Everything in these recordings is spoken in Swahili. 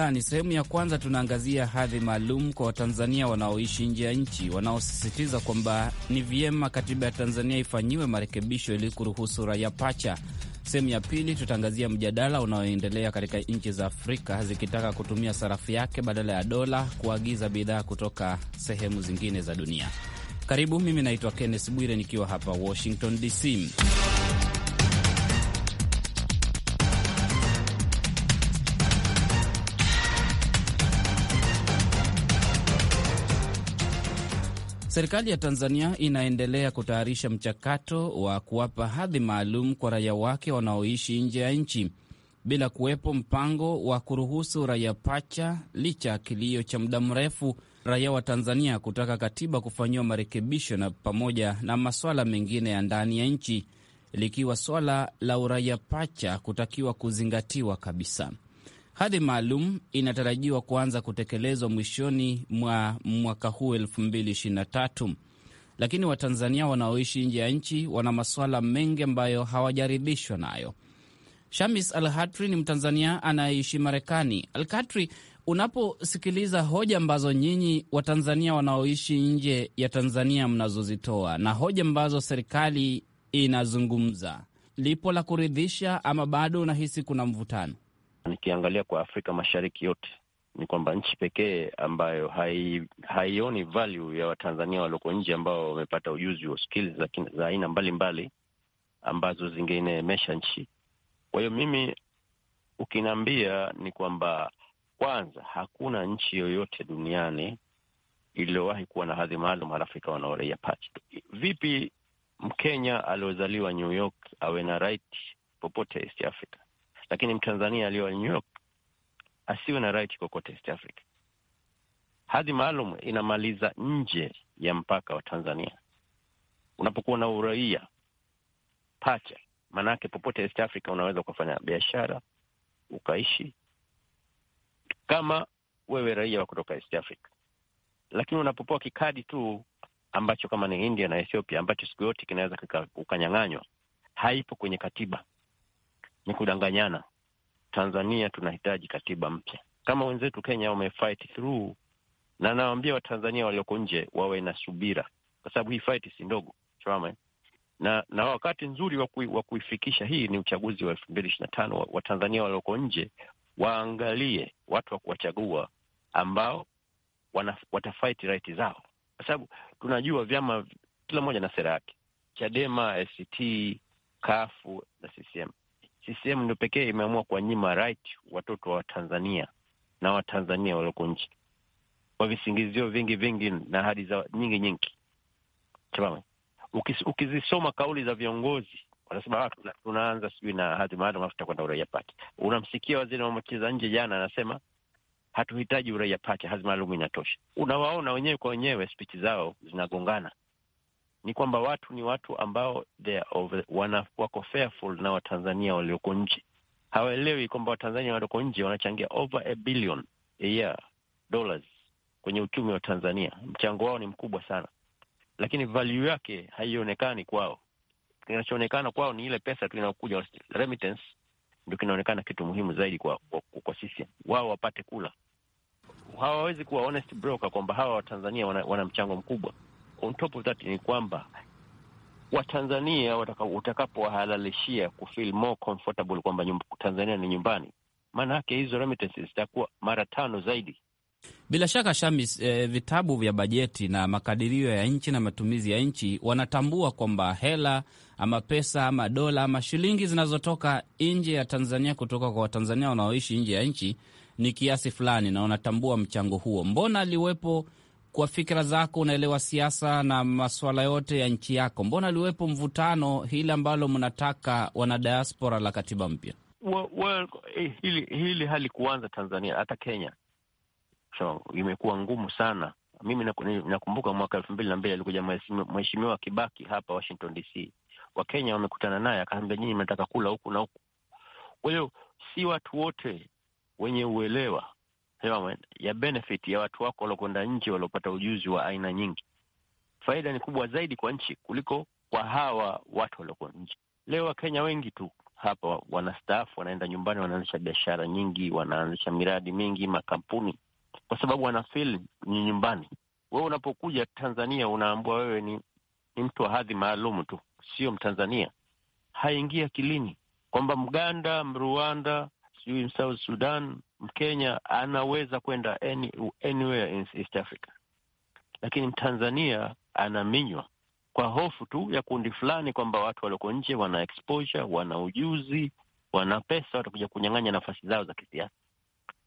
undani. Sehemu ya kwanza tunaangazia hadhi maalum kwa Watanzania wanaoishi nje ya nchi wanaosisitiza kwamba ni vyema katiba ya Tanzania ifanyiwe marekebisho ili kuruhusu raia pacha. Sehemu ya pili tutaangazia mjadala unaoendelea katika nchi za Afrika zikitaka kutumia sarafu yake badala ya dola kuagiza bidhaa kutoka sehemu zingine za dunia. Karibu, mimi naitwa Kenneth Bwire nikiwa hapa Washington DC. Serikali ya Tanzania inaendelea kutayarisha mchakato wa kuwapa hadhi maalum kwa raia wake wanaoishi nje ya nchi bila kuwepo mpango wa kuruhusu raia pacha, licha ya kilio cha muda mrefu raia wa Tanzania kutaka katiba kufanyiwa marekebisho na pamoja na maswala mengine ya ndani ya nchi, likiwa swala la uraia pacha kutakiwa kuzingatiwa kabisa. Hadhi maalum inatarajiwa kuanza kutekelezwa mwishoni mwa mwaka huu 2023, lakini Watanzania wanaoishi nje ya nchi wana masuala mengi ambayo hawajaridhishwa nayo. Shamis Alhatri ni Mtanzania anayeishi Marekani. Alkatri, unaposikiliza hoja ambazo nyinyi Watanzania wanaoishi nje ya Tanzania mnazozitoa na hoja ambazo serikali inazungumza, lipo la kuridhisha ama bado unahisi kuna mvutano? Nikiangalia kwa Afrika Mashariki yote ni kwamba nchi pekee ambayo hai, haioni value ya Watanzania walioko nje ambao wamepata ujuzi wa skills za aina mbalimbali ambazo zingeineemesha nchi. Kwa hiyo mimi ukiniambia ni kwamba kwanza, hakuna nchi yoyote duniani iliyowahi kuwa na hadhi maalum na uraia pacha. Vipi Mkenya aliozaliwa New York awe na right popote East Africa? lakini Mtanzania aliyo New York asiwe na right kokote East Africa. Hadhi maalum inamaliza nje ya mpaka wa Tanzania. Unapokuwa na uraia pacha, maanake popote East Africa unaweza ukafanya biashara ukaishi kama wewe raia wa kutoka East Africa, lakini unapopewa kikadi tu ambacho kama ni India na Ethiopia ambacho siku yote kinaweza ukanyang'anywa, haipo kwenye katiba ni kudanganyana. Tanzania tunahitaji katiba mpya kama wenzetu Kenya wamefight through, na nawaambia Watanzania walioko nje wawe na subira, kwa sababu hii fight si ndogo chama na na wakati nzuri wa kuifikisha hii ni uchaguzi wa elfu mbili ishirini na tano. Watanzania walioko nje waangalie watu wa kuwachagua ambao watafight right zao, kwa sababu tunajua vyama kila mmoja na sera yake. Chadema, ACT, Kafu na CCM CCM ndio pekee imeamua kuwanyima right watoto wa Tanzania na Watanzania walioko nchi kwa visingizio vingi vingi na ahadi za nyingi nyingi. Ukizisoma kauli za viongozi wanasema ah, tunaanza sijui na hadhi maalum afu tutakwenda uraia pacha. Unamsikia waziri wa mambo ya nje jana anasema hatuhitaji uraia pacha, hadhi maalum inatosha. Unawaona wenyewe kwa wenyewe, spichi zao zinagongana ni kwamba watu ni watu ambao wako fearful na Watanzania walioko nje. Hawaelewi kwamba Watanzania walioko nje wanachangia over a billion a year dollars kwenye uchumi wa Tanzania. Mchango wao ni mkubwa sana, lakini value yake haionekani kwao. Kinachoonekana kwao ni ile pesa tu inayokuja remittance, ndio kinaonekana kitu muhimu zaidi kwa, kwa, kwa sisi. Wao wapate kula, hawawezi kuwa honest broker kwamba hawa Watanzania wana, wana mchango mkubwa on top of that ni kwamba Watanzania utakapowahalalishia ku feel more comfortable kwamba Tanzania ni nyumbani, maana yake hizo remittances zitakuwa mara tano zaidi. Bila shaka Shamis, eh, vitabu vya bajeti na makadirio ya nchi na matumizi ya nchi wanatambua kwamba hela ama pesa ama dola ama shilingi zinazotoka nje ya Tanzania kutoka kwa Watanzania wanaoishi nje ya nchi ni kiasi fulani, na wanatambua mchango huo. Mbona aliwepo kwa fikira zako unaelewa siasa na masuala yote ya nchi yako, mbona aliwepo mvutano hili ambalo mnataka wana diaspora la katiba mpya? Well, well, eh, hili, hili halikuanza Tanzania, hata Kenya so, imekuwa ngumu sana. Mimi nakumbuka mwaka elfu mbili na mbili alikuja mheshimiwa Kibaki hapa Washington DC, Wakenya wamekutana naye akaambia, nyinyi mnataka kula huku na huku. Kwa hiyo si watu wote wenye uelewa sema ya benefit ya watu wako waliokwenda nje, waliopata ujuzi wa aina nyingi. Faida ni kubwa zaidi kwa nchi kuliko kwa hawa watu walioko nje. Leo Wakenya wengi tu hapa wanastaafu, wanaenda nyumbani, wanaanzisha biashara nyingi, wanaanzisha miradi mingi, makampuni, kwa sababu wanafeel ni nyumbani. Wewe unapokuja Tanzania unaambua wewe ni, ni mtu wa hadhi maalum tu, sio Mtanzania. Haingia kilini kwamba Mganda, Mruanda, sijui South Sudan Mkenya anaweza kwenda any, anywhere in East Africa, lakini Mtanzania anaminywa kwa hofu tu ya kundi fulani, kwamba watu walioko nje wana exposure, wana ujuzi, wana pesa, watakuja kunyang'anya nafasi zao za kisiasa.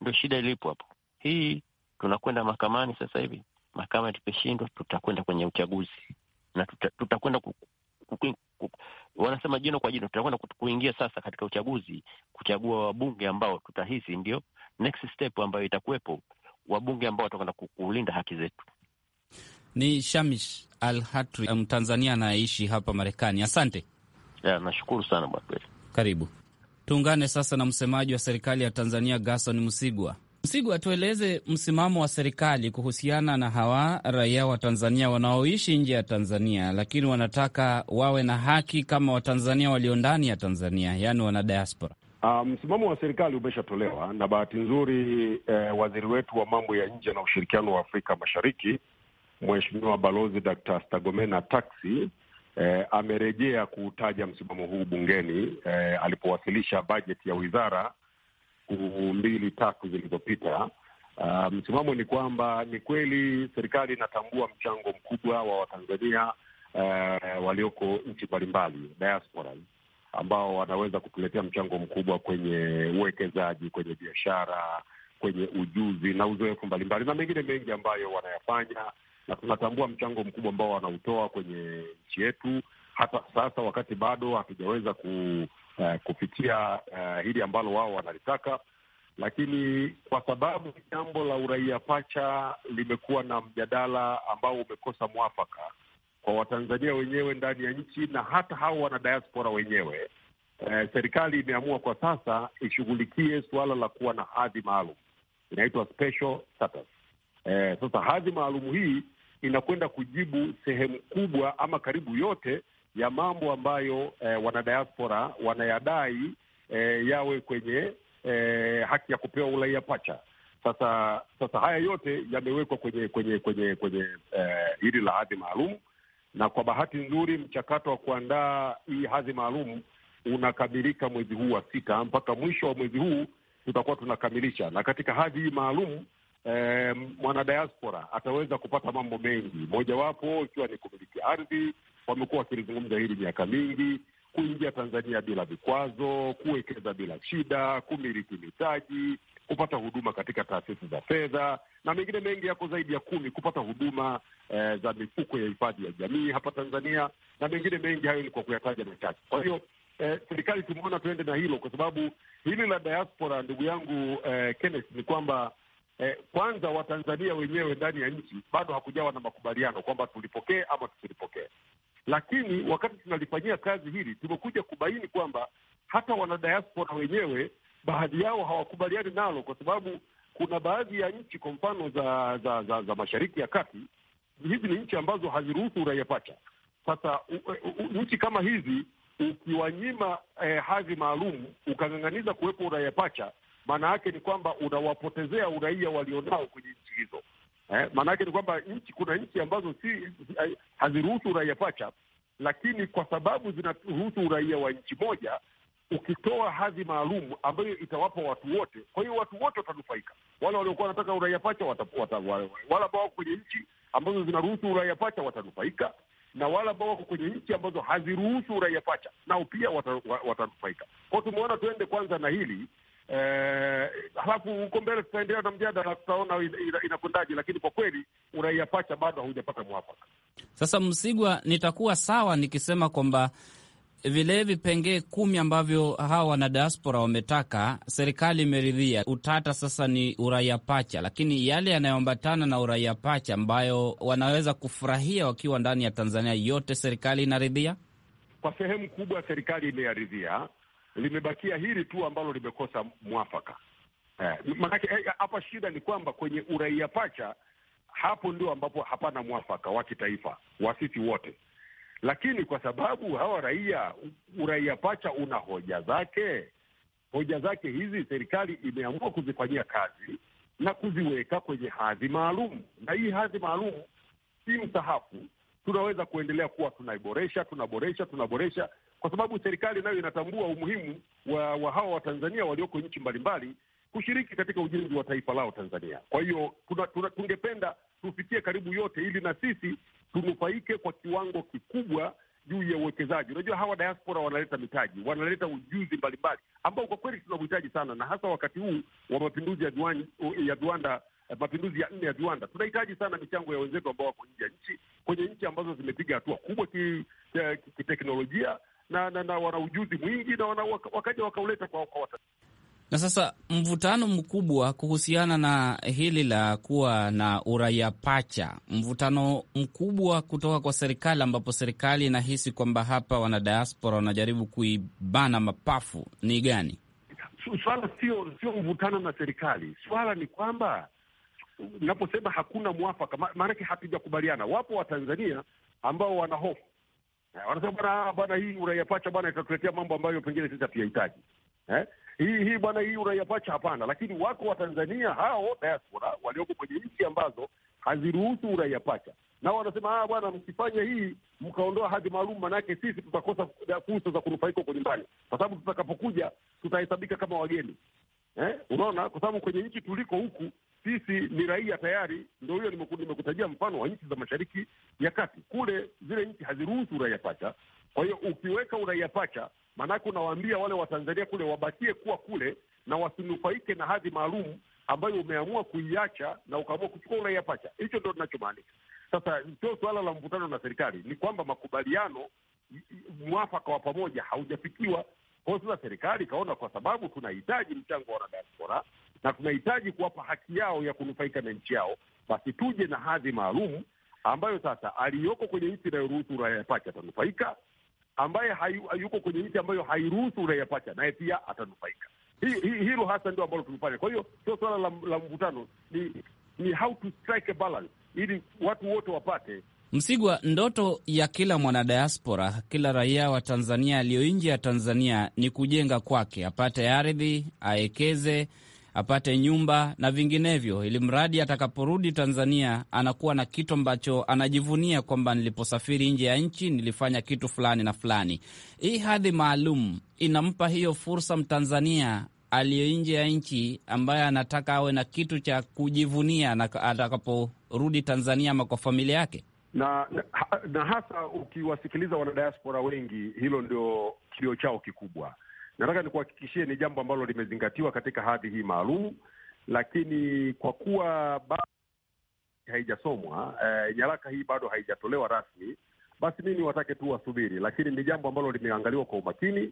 Ndio shida ilipo hapo. Hii tunakwenda mahakamani sasa hivi. Mahakama tukishindwa, tutakwenda kwenye uchaguzi na tutakwenda tuta wanasema jino kwa jino, tutakwenda kuingia sasa katika uchaguzi kuchagua wabunge ambao tutahisi ndio next step ambayo itakuwepo, wabunge ambao watakwenda kulinda haki zetu. Ni Shamish Al Hatri, Mtanzania anayeishi hapa Marekani. Asante ya, nashukuru sana bwana Karibu tuungane sasa na msemaji wa serikali ya Tanzania gason Msigwa. Msigwa, tueleze msimamo wa serikali kuhusiana na hawa raia wa Tanzania wanaoishi nje ya Tanzania lakini wanataka wawe na haki kama Watanzania walio ndani ya Tanzania, yaani wana diaspora. Um, msimamo um, wa serikali umeshatolewa na bahati nzuri eh, waziri wetu wa mambo ya nje na ushirikiano wa Afrika Mashariki Mheshimiwa Balozi Dr. Stagomena Taxi eh, amerejea kuutaja msimamo huu bungeni eh, alipowasilisha bajeti ya wizara kuu mbili tatu zilizopita. Uh, msimamo ni kwamba ni kweli serikali inatambua mchango mkubwa wa Watanzania eh, walioko nchi mbalimbali diaspora ambao wanaweza kutuletea mchango mkubwa kwenye uwekezaji, kwenye biashara, kwenye ujuzi na uzoefu mbalimbali na mengine mengi ambayo wanayafanya, na tunatambua mchango mkubwa ambao wanautoa kwenye nchi yetu, hata sasa wakati bado hatujaweza ku, uh, kufikia uh, hili ambalo wao wanalitaka lakini kwa sababu jambo la uraia pacha limekuwa na mjadala ambao umekosa mwafaka, kwa Watanzania wenyewe ndani ya nchi na hata hao wana diaspora wenyewe. Eh, serikali imeamua kwa sasa ishughulikie suala la kuwa na hadhi maalum inaitwa special status. Eh, sasa hadhi maalum hii inakwenda kujibu sehemu kubwa ama karibu yote ya mambo ambayo eh, wanadiaspora wanayadai eh, yawe kwenye eh, haki ya kupewa uraia pacha. Sasa sasa haya yote yamewekwa kwenye kwenye kwenye kwenye eh, hili eh, la hadhi maalum na kwa bahati nzuri mchakato wa kuandaa hii hadhi maalum unakamilika mwezi huu wa sita. Mpaka mwisho wa mwezi huu tutakuwa tunakamilisha, na katika hadhi hii maalum eh, mwanadiaspora ataweza kupata mambo mengi, mojawapo ikiwa ni kumiliki ardhi. Wamekuwa wakilizungumza hili miaka mingi, kuingia Tanzania bila vikwazo, kuwekeza bila shida, kumiliki mitaji kupata huduma katika taasisi za fedha na mengine mengi yako zaidi ya kumi, kupata huduma eh, za mifuko ya hifadhi ya jamii hapa Tanzania na mengine mengi. Hayo ni kwa kuyataja machache. Kwa hiyo eh, serikali tumeona tuende na hilo, kwa sababu hili la diaspora, ndugu yangu eh, Kenneth, ni kwamba eh, kwanza Watanzania wenyewe ndani ya nchi bado hakujawa na makubaliano kwamba tulipokee ama tusilipokee, lakini wakati tunalifanyia kazi hili tumekuja kubaini kwamba hata wanadiaspora wenyewe baadhi yao hawakubaliani nalo, kwa sababu kuna baadhi ya nchi kwa mfano za za, za za mashariki ya kati, hizi ni nchi ambazo haziruhusu uraia pacha. Sasa nchi kama hizi ukiwanyima eh, hadhi maalum ukang'ang'aniza kuwepo uraia pacha, maana yake ni kwamba unawapotezea uraia walionao kwenye nchi hizo. Eh, maana yake ni kwamba nchi, kuna nchi ambazo si haziruhusu uraia pacha, lakini kwa sababu zinaruhusu uraia wa nchi moja ukitoa hadhi maalum ambayo itawapa watu wote. Kwa hiyo watu wote watanufaika, wale waliokuwa wanataka uraia pacha, wale ambao wako kwenye nchi ambazo zinaruhusu uraia pacha watanufaika, na wale ambao wako kwenye nchi ambazo haziruhusu uraia pacha nao pia watanufaika. Kwao tumeona tuende kwanza na hili eh, halafu huko mbele tutaendelea na mjadala, tutaona inakwendaje, lakini kwa kweli uraia pacha bado haujapata mwafaka. Sasa Msigwa, nitakuwa sawa nikisema kwamba vile vipengee kumi ambavyo hawa wanadiaspora wametaka, serikali imeridhia. Utata sasa ni uraia pacha, lakini yale yanayoambatana na uraia pacha ambayo wanaweza kufurahia wakiwa ndani ya Tanzania, yote serikali inaridhia. Kwa sehemu kubwa serikali imeyaridhia, limebakia hili tu ambalo limekosa mwafaka. Eh, eh hapa eh, shida ni kwamba kwenye uraia pacha hapo ndio ambapo hapana mwafaka wa kitaifa, sisi wote lakini kwa sababu hawa raia, uraia pacha una hoja zake. Hoja zake hizi serikali imeamua kuzifanyia kazi na kuziweka kwenye hadhi maalum, na hii hadhi maalum si msahafu. Tunaweza kuendelea kuwa tunaiboresha, tunaboresha, tunaboresha, kwa sababu serikali nayo inatambua umuhimu wa, wa hawa Watanzania walioko nchi mbalimbali kushiriki katika ujenzi wa taifa lao Tanzania. Kwa hiyo tungependa tufikie karibu yote, ili na sisi tunufaike kwa kiwango kikubwa juu ya uwekezaji. Unajua, hawa diaspora wanaleta mitaji, wanaleta ujuzi mbalimbali ambao kwa kweli tunauhitaji sana, na hasa wakati huu wa mapinduzi ya viwanda, eh, mapinduzi ya nne ya viwanda, tunahitaji sana michango ya wenzetu ambao wako nje ya nchi, kwenye nchi ambazo zimepiga hatua kubwa eh, kiteknolojia ki, ki, ki na, na, na wana ujuzi mwingi na wana, wakaja wakauleta kwa, kwa na sasa mvutano mkubwa kuhusiana na hili la kuwa na uraia pacha, mvutano mkubwa kutoka kwa serikali, ambapo serikali inahisi kwamba hapa wanadiaspora wanajaribu kuibana mapafu ni gani? Swala sio sio mvutano na serikali, swala ni kwamba naposema hakuna mwafaka, maanake hatujakubaliana. Wapo Watanzania ambao wana hofu, eh, wanasema bwana, hii uraia pacha bwana, itatuletea mambo ambayo pengine sisi hatuyahitaji eh? hii hii bwana, hii uraia pacha, hapana. Lakini wako Watanzania hao diaspora walioko kwenye nchi ambazo haziruhusu uraia pacha, nao wanasema ah, bwana, mkifanya hii mkaondoa hadhi maalum, manake sisi tutakosa fursa za kunufaika huko nyumbani, kwa sababu tutakapokuja tutahesabika kama wageni eh? Unaona, kwa sababu kwenye nchi tuliko huku sisi ni raia tayari. Ndo hiyo nimekutajia mfano wa nchi za mashariki ya kati, kule zile nchi haziruhusu uraia pacha. Kwa hiyo ukiweka uraia pacha Maanake unawaambia wale Watanzania kule wabakie kuwa kule na wasinufaike na hadhi maalum ambayo umeamua kuiacha na ukaamua kuchukua uraia pacha. Hicho ndio tunachomaanisha. Sasa sio suala la mvutano na serikali, ni kwamba makubaliano mwafaka wa pamoja haujafikiwa. Kwa sasa serikali ikaona kwa sababu tunahitaji mchango wa wanadiaspora na tunahitaji kuwapa haki yao ya kunufaika na nchi yao, basi tuje na hadhi maalum ambayo sasa aliyoko kwenye nchi inayoruhusu uraia pacha atanufaika, ambaye hayuko yuko kwenye nchi ambayo hairuhusu uraia pacha, naye pia atanufaika. Hilo hasa ndio ambalo tumefanya. Kwa hiyo sio suala la, la mvutano, ni ni how to strike a balance ili watu wote wapate. Msigwa, ndoto ya kila mwanadiaspora, kila raia wa Tanzania aliyo nje ya Tanzania ni kujenga kwake, apate ardhi, aekeze apate nyumba na vinginevyo, ili mradi atakaporudi Tanzania anakuwa na kitu ambacho anajivunia kwamba niliposafiri nje ya nchi nilifanya kitu fulani na fulani. Hii hadhi maalum inampa hiyo fursa Mtanzania aliyo nje ya nchi ambaye anataka awe na kitu cha kujivunia na atakaporudi Tanzania ama kwa familia yake. Na, na, na hasa ukiwasikiliza wanadiaspora wengi, hilo ndio kilio chao kikubwa. Nataka nikuhakikishie ni jambo ambalo limezingatiwa katika hadhi hii maalum lakini kwa kuwa bado haijasomwa eh, nyaraka hii bado haijatolewa rasmi, basi mi niwatake tu wasubiri, lakini ni jambo ambalo limeangaliwa kwa umakini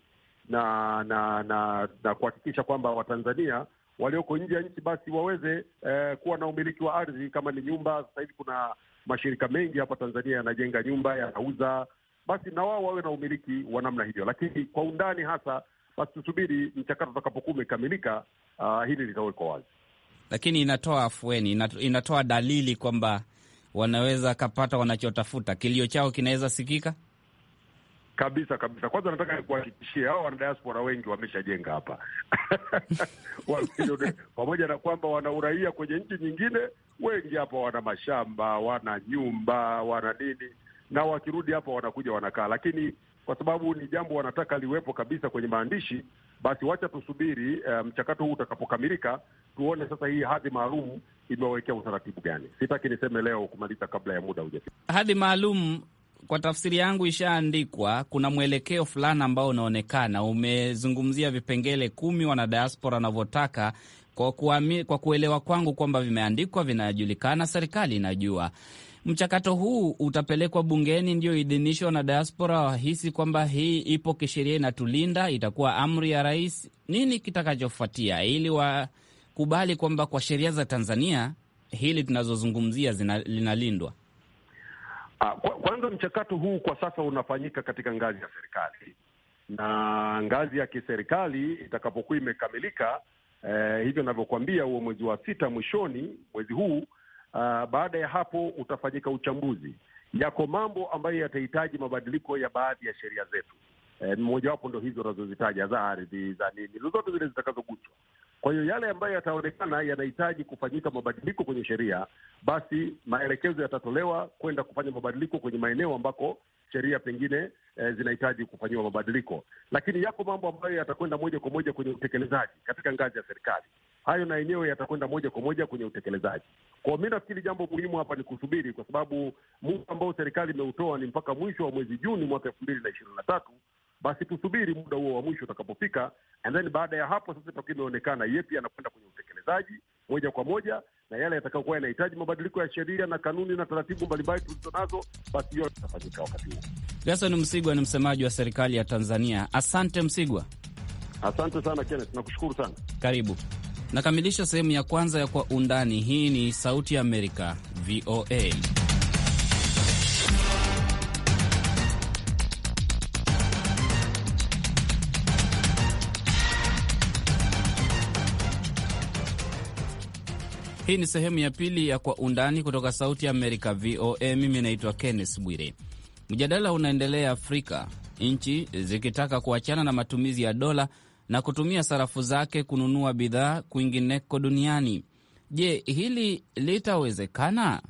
na na na, na kuhakikisha kwamba Watanzania walioko nje ya nchi basi waweze eh, kuwa na umiliki wa ardhi kama ni nyumba. Sasa hivi kuna mashirika mengi hapa Tanzania yanajenga nyumba, yanauza, basi na wao wawe na umiliki wa namna hiyo, lakini kwa undani hasa basi tusubiri mchakato utakapokuwa umekamilika, uh, hili litawekwa wazi. Lakini inatoa afueni, inatoa dalili kwamba wanaweza kapata wanachotafuta, kilio chao kinaweza sikika kabisa kabisa. Kwanza nataka nikuhakikishie hawa wanadiaspora wengi wameshajenga hapa pamoja na kwamba wana uraia kwenye nchi nyingine, wengi hapa wana mashamba, wana nyumba, wana nini, na wakirudi hapa wanakuja wanakaa, lakini kwa sababu ni jambo wanataka liwepo kabisa kwenye maandishi. Basi wacha tusubiri eh, mchakato um, huu utakapokamilika, tuone sasa hii hadhi maalum imewekea utaratibu gani. Sitaki niseme leo kumaliza kabla ya muda hujafika. Hadhi maalum kwa tafsiri yangu ishaandikwa, kuna mwelekeo fulani ambao unaonekana. Umezungumzia vipengele kumi wanadiaspora wanavyotaka kwa, kwa kuelewa kwangu kwamba vimeandikwa, vinajulikana, serikali inajua Mchakato huu utapelekwa bungeni ndio idhinishwa na diaspora, wahisi kwamba hii ipo kisheria, inatulinda, itakuwa amri ya rais. Nini kitakachofuatia ili wakubali kwamba kwa sheria za Tanzania hili tunazozungumzia linalindwa? Ah, kwanza, mchakato huu kwa sasa unafanyika katika ngazi ya serikali, na ngazi ya kiserikali itakapokuwa imekamilika, eh, hivyo navyokuambia, huo mwezi wa sita mwishoni, mwezi huu Uh, baada ya hapo utafanyika uchambuzi. Yako mambo ambayo yatahitaji mabadiliko ya baadhi ya sheria zetu. mmojawapo eh, mojawapo ndo hizo unazozitaja za ardhi za nini, zozote zile zitakazoguswa. Kwa hiyo yale ambayo yataonekana yanahitaji kufanyika mabadiliko kwenye sheria, basi maelekezo yatatolewa kwenda kufanya mabadiliko kwenye maeneo ambako sheria pengine eh, zinahitaji kufanyiwa mabadiliko, lakini yako mambo ambayo yatakwenda moja kwa moja kwenye utekelezaji katika ngazi ya serikali. Hayo na yenyewe yatakwenda moja kwa moja kwenye utekelezaji. Kwa mi nafikiri jambo muhimu hapa ni kusubiri, kwa sababu muda ambao serikali imeutoa ni mpaka mwisho wa mwezi Juni mwaka elfu mbili na ishirini na tatu. Basi tusubiri muda huo wa mwisho utakapofika, and then baada ya hapo sasa itakuwa imeonekana yepi anakwenda kwenye utekelezaji moja kwa moja na yale yatakayokuwa yanahitaji mabadiliko ya sheria na kanuni na taratibu mbalimbali tulizo nazo, basi yote yatafanyika wakati huo. Gerson Msigwa ni msemaji wa serikali ya Tanzania. Asante Msigwa. Asante sana Kenneth, nakushukuru sana. Karibu. Nakamilisha sehemu ya kwanza ya Kwa Undani. Hii ni Sauti ya Amerika, VOA. Hii ni sehemu ya pili ya Kwa Undani kutoka Sauti ya Amerika, VOA. Mimi naitwa Kenneth Bwire. Mjadala unaendelea Afrika, nchi zikitaka kuachana na matumizi ya dola na kutumia sarafu zake kununua bidhaa kwingineko duniani. Je, hili litawezekana?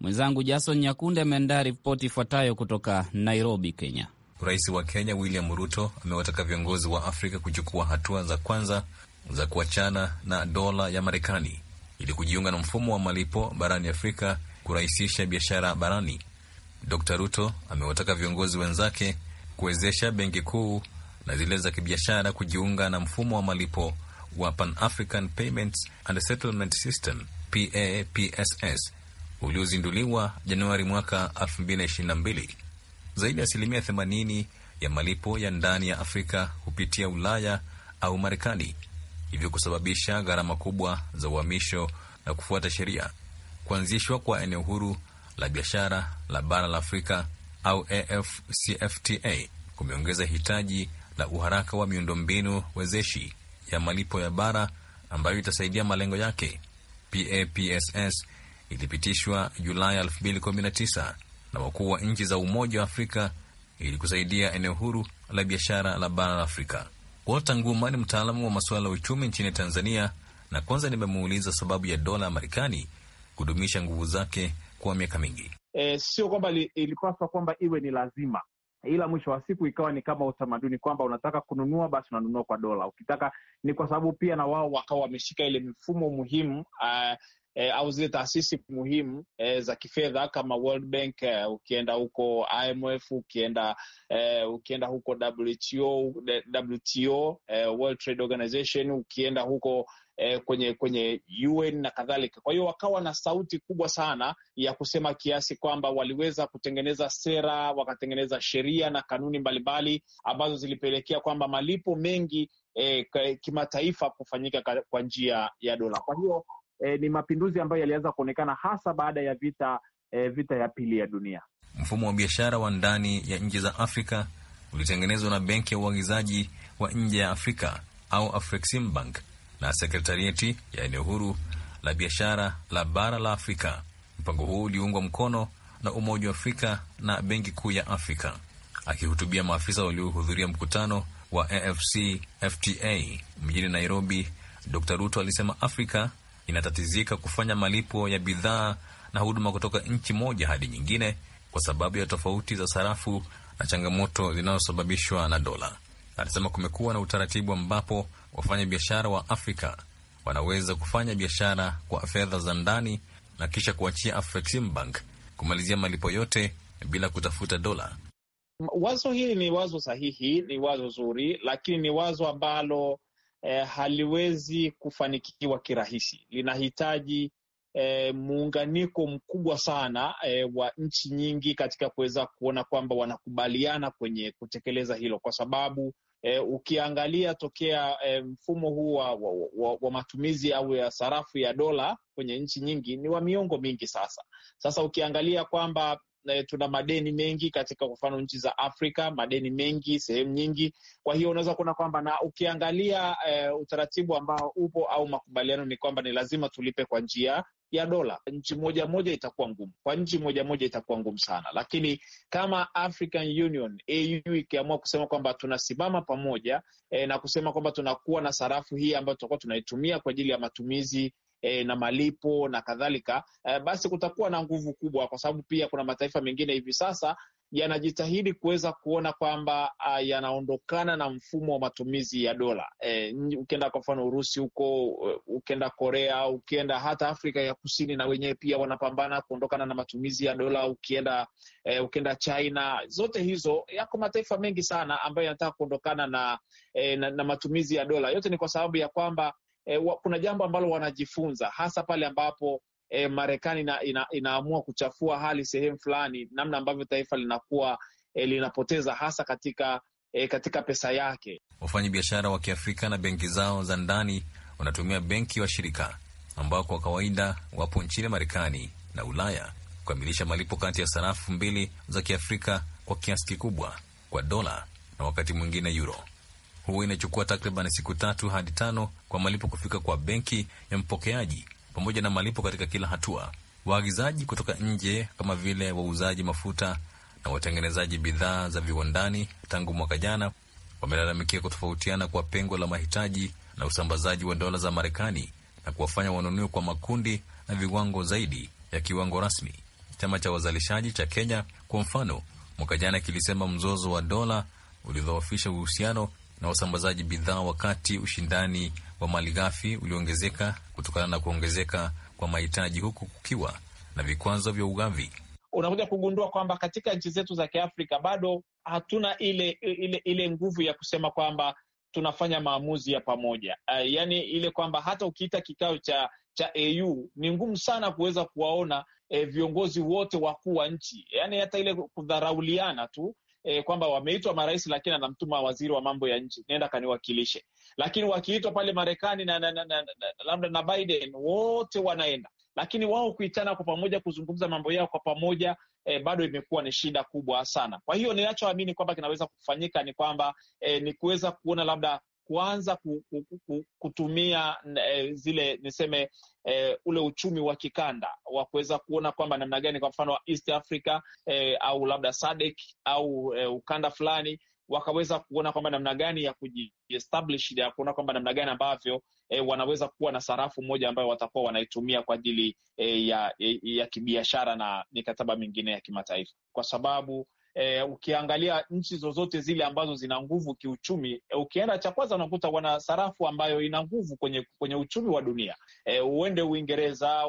Mwenzangu Jason Nyakunde ameandaa ripoti ifuatayo kutoka Nairobi, Kenya. Rais wa Kenya William Ruto amewataka viongozi wa Afrika kuchukua hatua za kwanza za kuachana na dola ya Marekani ili kujiunga na mfumo wa malipo barani Afrika kurahisisha biashara barani. Dr Ruto amewataka viongozi wenzake kuwezesha benki kuu na zile za kibiashara kujiunga na mfumo wa malipo wa Pan African Payments and Settlement System PAPSS uliozinduliwa Januari mwaka 2022. Zaidi ya asilimia 80 ya malipo ya ndani ya Afrika hupitia Ulaya au Marekani hivyo kusababisha gharama kubwa za uhamisho na kufuata sheria. Kuanzishwa kwa eneo huru la biashara la bara la Afrika au AfCFTA kumeongeza hitaji la uharaka wa miundombinu wezeshi ya malipo ya bara ambayo itasaidia malengo yake. PAPSS ilipitishwa Julai 2019 na wakuu wa nchi za Umoja wa Afrika ili kusaidia eneo huru la biashara la bara la Afrika. Walter Nguma ni mtaalamu wa masuala ya uchumi nchini Tanzania, na kwanza nimemuuliza sababu ya dola ya Marekani kudumisha nguvu zake kwa miaka mingi. E, sio kwamba ilipaswa kwamba iwe ni lazima, ila mwisho wa siku ikawa ni kama utamaduni kwamba unataka kununua basi unanunua kwa dola, ukitaka ni kwa sababu pia na wao wakawa wameshika ile mifumo muhimu uh, eh, au zile taasisi muhimu eh, za kifedha kama World Bank eh, ukienda huko IMF ukienda eh, ukienda huko WTO, WTO eh, World Trade Organization ukienda huko eh, kwenye kwenye UN na kadhalika. Kwa hiyo wakawa na sauti kubwa sana ya kusema kiasi kwamba waliweza kutengeneza sera, wakatengeneza sheria na kanuni mbalimbali ambazo zilipelekea kwamba malipo mengi E, kimataifa kufanyika kwa njia ya dola. Kwa hiyo e, ni mapinduzi ambayo yalianza kuonekana hasa baada ya vita e, vita ya pili ya dunia. Mfumo wa biashara wa ndani ya nchi za Afrika ulitengenezwa na benki ya uagizaji wa nje ya Afrika au Afreximbank na sekretarieti ya eneo huru la biashara la bara la Afrika. Mpango huu uliungwa mkono na Umoja wa Afrika na Benki Kuu ya Afrika. Akihutubia maafisa waliohudhuria mkutano wa AfC FTA mjini Nairobi, Dr Ruto alisema Afrika inatatizika kufanya malipo ya bidhaa na huduma kutoka nchi moja hadi nyingine kwa sababu ya tofauti za sarafu na changamoto zinazosababishwa na dola. Anasema kumekuwa na utaratibu ambapo wafanya biashara wa Afrika wanaweza kufanya biashara kwa fedha za ndani na kisha kuachia Afreximbank kumalizia malipo yote bila kutafuta dola. Wazo hili ni wazo sahihi, ni wazo zuri, lakini ni wazo ambalo eh, haliwezi kufanikiwa kirahisi, linahitaji eh, muunganiko mkubwa sana eh, wa nchi nyingi katika kuweza kuona kwamba wanakubaliana kwenye kutekeleza hilo, kwa sababu eh, ukiangalia tokea eh, mfumo huu wa, wa, wa, wa matumizi au ya sarafu ya dola kwenye nchi nyingi ni wa miongo mingi sasa. Sasa ukiangalia kwamba tuna madeni mengi katika kwa mfano nchi za Afrika, madeni mengi sehemu nyingi. Kwa hiyo unaweza kuona kwamba na ukiangalia eh, utaratibu ambao upo au makubaliano ni kwamba ni lazima tulipe kwa njia ya dola. Nchi moja moja itakuwa ngumu, kwa nchi moja moja itakuwa ngumu sana, lakini kama African Union AU ikiamua kusema kwamba tunasimama pamoja eh, na kusema kwamba tunakuwa na sarafu hii ambayo tutakuwa tunaitumia kwa ajili ya matumizi e, na malipo na kadhalika e, basi kutakuwa na nguvu kubwa, kwa sababu pia kuna mataifa mengine hivi sasa yanajitahidi kuweza kuona kwamba uh, yanaondokana na mfumo wa matumizi ya dola. E, ukienda kwa mfano Urusi huko, ukienda Korea, ukienda hata Afrika ya Kusini, na wenyewe pia wanapambana kuondokana na matumizi ya dola. Ukienda e, ukienda China, zote hizo yako mataifa mengi sana ambayo yanataka kuondokana na, e, na, na matumizi ya dola. Yote ni kwa sababu ya kwamba e, wa, kuna jambo ambalo wanajifunza hasa pale ambapo e, Marekani ina, ina, inaamua kuchafua hali sehemu fulani, namna ambavyo taifa linakuwa e, linapoteza hasa katika e, katika pesa yake. Wafanyabiashara wa Kiafrika na benki zao za ndani wanatumia benki wa shirika ambao kwa kawaida wapo nchini Marekani na Ulaya kukamilisha malipo kati ya sarafu mbili za Kiafrika kwa kiasi kikubwa kwa dola na wakati mwingine euro huwa inachukua takriban siku tatu hadi tano kwa malipo kufika kwa benki ya mpokeaji pamoja na malipo katika kila hatua. Waagizaji kutoka nje kama vile wauzaji mafuta na watengenezaji bidhaa za viwandani, tangu mwaka jana wamelalamikia kutofautiana kwa pengo la mahitaji na usambazaji wa dola za Marekani na kuwafanya wanunue kwa makundi na viwango zaidi ya kiwango rasmi. Chama cha wazalishaji cha Kenya kwa mfano, mwaka jana kilisema mzozo wa dola ulidhoofisha uhusiano na wasambazaji bidhaa, wakati ushindani wa malighafi ulioongezeka kutokana na kuongezeka kwa mahitaji, huku kukiwa na vikwazo vya ugavi. Unakuja kugundua kwamba katika nchi zetu za Kiafrika bado hatuna ile ile ile nguvu ya kusema kwamba tunafanya maamuzi ya pamoja uh, yaani ile kwamba hata ukiita kikao cha cha AU ni ngumu sana kuweza kuwaona eh, viongozi wote wakuu wa nchi, yaani hata ile kudharauliana tu eh, kwamba wameitwa marais, lakini anamtuma waziri wa mambo ya nje, nenda kaniwakilishe. Lakini wakiitwa pale Marekani na labda na, na, na, na Biden, wote wanaenda, lakini wao kuitana kwa pamoja kuzungumza mambo yao kwa pamoja eh, bado imekuwa ni shida kubwa sana. Kwa hiyo ninachoamini kwamba kinaweza kufanyika ni kwamba eh, ni kuweza kuona labda kuanza kutumia eh, zile niseme eh, ule uchumi wa kikanda wa kuweza kuona kwamba namna gani, kwa mfano wa East Africa eh, au labda SADC au eh, ukanda fulani wakaweza kuona kwamba namna gani ya kujiestablish ya kuona kwamba namna gani ambavyo eh, wanaweza kuwa na sarafu moja ambayo watakuwa wanaitumia kwa ajili eh, ya, ya kibiashara na mikataba mingine ya kimataifa, kwa sababu E, ukiangalia nchi zozote zile ambazo zina nguvu kiuchumi e, ukienda cha kwanza unakuta wana sarafu ambayo ina nguvu kwenye kwenye uchumi wa dunia e, uende Uingereza,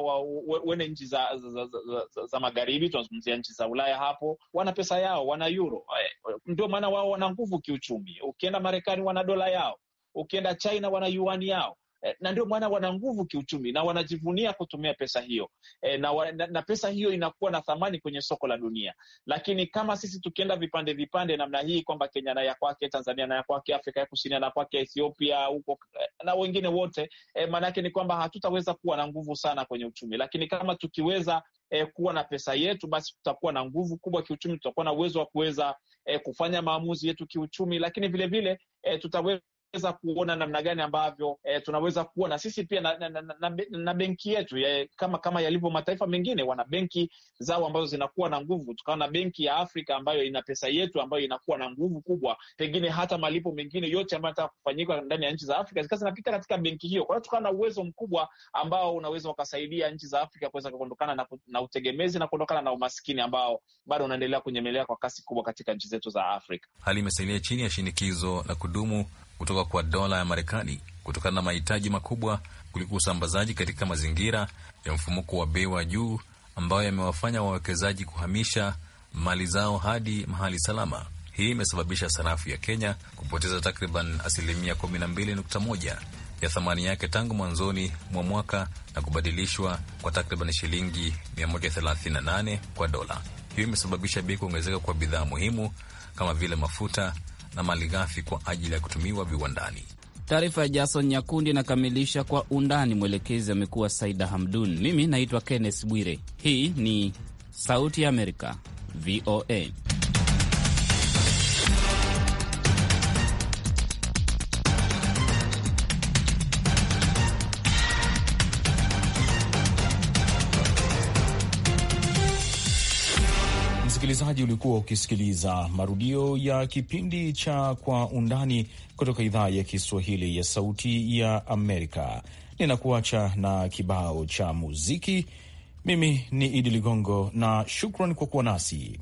uende nchi za, za, za, za, za, za magharibi, tunazungumzia nchi za Ulaya hapo, wana pesa yao, wana euro e, ndio maana wao wana nguvu kiuchumi. Ukienda Marekani wana dola yao, ukienda China wana yuani yao Eh, na ndio maana wana nguvu kiuchumi na wanajivunia kutumia pesa hiyo e, na, wa, na, na pesa hiyo inakuwa na thamani kwenye soko la dunia. Lakini kama sisi tukienda vipande vipande namna hii kwamba Kenya na ya kwake, Tanzania na ya kwake, Afrika ya Kusini na kwake, Ethiopia huko eh, na wengine wote eh, maanake ni kwamba hatutaweza kuwa na nguvu sana kwenye uchumi, lakini kama tukiweza E, kuwa na pesa yetu, basi tutakuwa na nguvu kubwa kiuchumi, tutakuwa na uwezo wa kuweza e, kufanya maamuzi yetu kiuchumi, lakini vilevile vile, e, tutaweza tunaweza kuona namna gani ambavyo eh, tunaweza kuwa na sisi pia na, na, na, na, na benki yetu ya, eh, kama kama yalivyo mataifa mengine wana benki zao ambazo zinakuwa na nguvu, tukawa na benki ya Afrika ambayo ina pesa yetu ambayo inakuwa na nguvu kubwa, pengine hata malipo mengine yote ambayo anataka kufanyika ndani ya nchi za Afrika zikawa zinapita katika benki hiyo. Kwa hiyo tukawa na uwezo mkubwa ambao unaweza ukasaidia nchi za Afrika kuweza kuondokana na, na utegemezi na kuondokana na umaskini ambao bado unaendelea kunyemelea kwa kasi kubwa katika nchi zetu za Afrika. Hali imesalia chini ya shinikizo la kudumu kutoka kwa dola ya Marekani kutokana na mahitaji makubwa kuliko usambazaji katika mazingira ya mfumuko wa bei wa juu ambayo yamewafanya wawekezaji kuhamisha mali zao hadi mahali salama. Hii imesababisha sarafu ya Kenya kupoteza takriban asilimia 12.1 ya thamani yake tangu mwanzoni mwa mwaka na kubadilishwa kwa takriban shilingi 138 kwa dola. Hiyo imesababisha bei kuongezeka kwa bidhaa muhimu kama vile mafuta na malighafi kwa ajili ya kutumiwa viwandani. Taarifa ya Jason Nyakundi inakamilisha kwa undani. Mwelekezi amekuwa Saida Hamdun, mimi naitwa Kenneth Bwire. Hii ni Sauti ya Amerika, VOA. Msikilizaji, ulikuwa ukisikiliza marudio ya kipindi cha Kwa Undani kutoka idhaa ya Kiswahili ya Sauti ya Amerika. Ninakuacha na kibao cha muziki. Mimi ni Idi Ligongo na shukran kwa kuwa nasi.